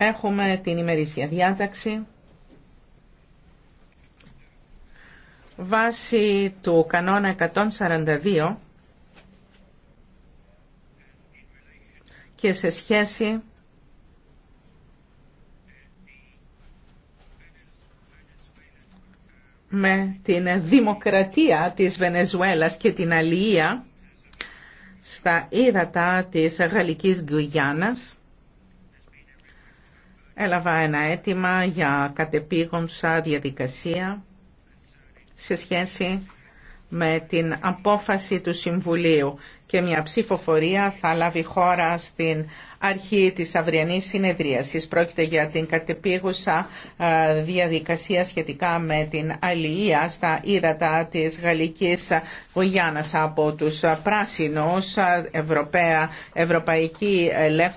Έχουμε την ημερήσια διάταξη. Βάσει του κανόνα 142 και σε σχέση με την δημοκρατία της Βενεζουέλας και την αλληλεία στα ύδατα της Γαλλικής Γκουγιάνας έλαβα ένα αίτημα για κατεπήγονσα διαδικασία σε σχέση με την απόφαση του Συμβουλίου και μια ψηφοφορία θα λάβει χώρα στην αρχή της αυριανής συνεδρίασης. Πρόκειται για την κατεπήγουσα ε, διαδικασία σχετικά με την αλληλεία στα ύδατα της Γαλλικής Γουγιάνας από τους πράσινους ε, Ευρωπαία, Ευρωπαϊκή Ελεύθερη